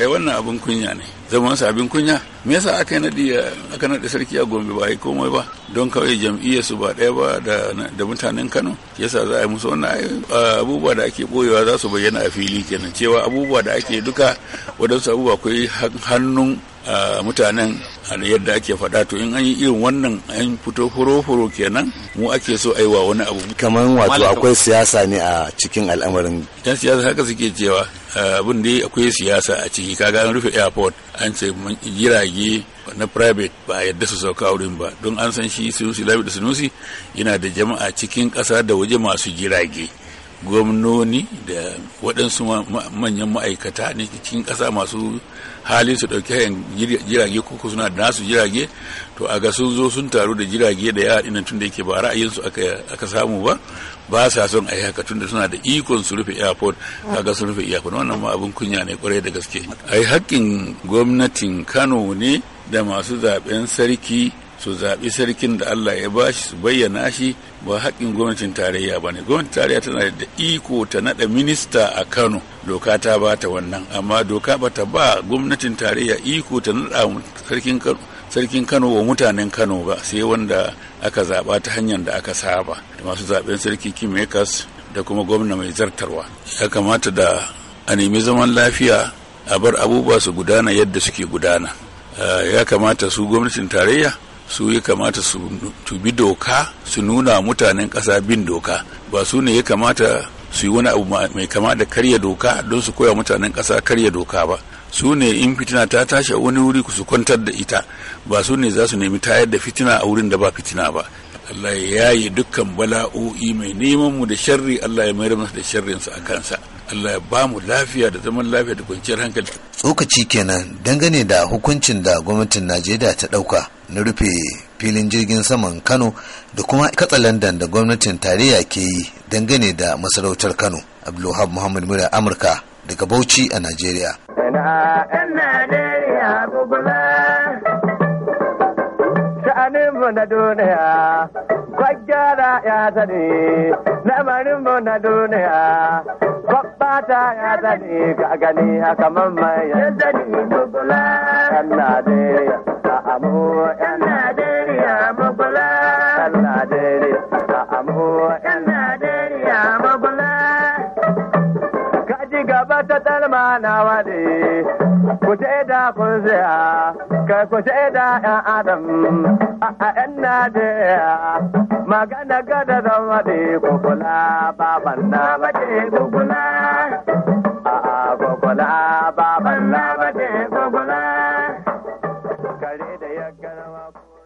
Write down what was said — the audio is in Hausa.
ai wannan abin kunya ne zaman sa abin kunya me yasa aka yi nadi aka nadi sarki a gombe ba yi komai ba don kawai jam'iyyar su ba ɗaya ba da mutanen kano yasa za a yi musu wannan abubuwa da ake boyewa za su bayyana a fili kenan cewa abubuwa da ake duka wadansu abubuwa akwai hannun mutanen yadda ake faɗa to in an yi irin wannan an fito furo-furo kenan mu ake so a wa wani abu kamar wato akwai siyasa ne a cikin al'amarin yan siyasa haka suke cewa abin da akwai siyasa a ciki kaga an rufe airport an ce jira jirage na private ba a yarda su sauka wurin ba don an san shi sunusi labi da sunusi yana da jama'a cikin ƙasa da waje masu jirage gwamnoni da waɗansu manyan ma'aikata ne cikin ƙasa masu hali su ɗauki hayan jirage ko suna da nasu jirage to a ga sun zo sun taru da jirage da yawa ɗinan tun da yake ba ra'ayinsu aka samu ba ba sa son a yi haka tun da suna da ikon su rufe airport kaga sun rufe airport wannan ma abin kunya ne kwarai da gaske ai haƙƙin gwamnatin kano ne da masu zaben sarki su zaɓi sarkin da Allah ya ba shi su bayyana shi ba haƙƙin gwamnatin tarayya ba ne gwamnatin tarayya tana da iko ta naɗa minista a Kano doka ta ba ta wannan amma doka ba ta ba gwamnatin tarayya iko ta naɗa sarkin Kano sarkin Kano wa mutanen Kano ba sai wanda aka zaɓa ta hanyar da aka saba da masu zaɓen sarki Kimekas da kuma gwamna mai zartarwa ya kamata da a nemi zaman lafiya a bar abubuwa su gudana yadda suke gudana eh, ya kamata su gwamnatin tarayya su ya kamata su bi doka su nuna mutanen ƙasa bin doka ba su ne ya kamata su yi wani abu mai kama da karya doka don su koya mutanen kasa karya doka ba su ne in fitina ta tashi a wani wuri su kwantar da ita ba su ne za su nemi tayar da fitina a wurin da ba fitina ba Allah ya yi dukkan bala'o'i mai neman mu da sharri Allah ya mayar masa da su a kansa Allah ya ba mu lafiya da zaman lafiya da kwanciyar hankali tsokaci kenan dangane da hukuncin da gwamnatin Najeriya ta ɗauka na rufe filin jirgin saman kano da kuma katsalandan da gwamnatin tarayya ke yi dangane da masarautar kano abdulhab muhammad mura amurka daga bauchi a najeriya na ya na duniya ya gani tabbatar na waɗe, ku ce da kun tsaya, kai ku ce da ‘yan Adam, a ‘yan Najeriya, magana gada zan waɗe, kukula baban na waɗe, kukula, a kukula baban na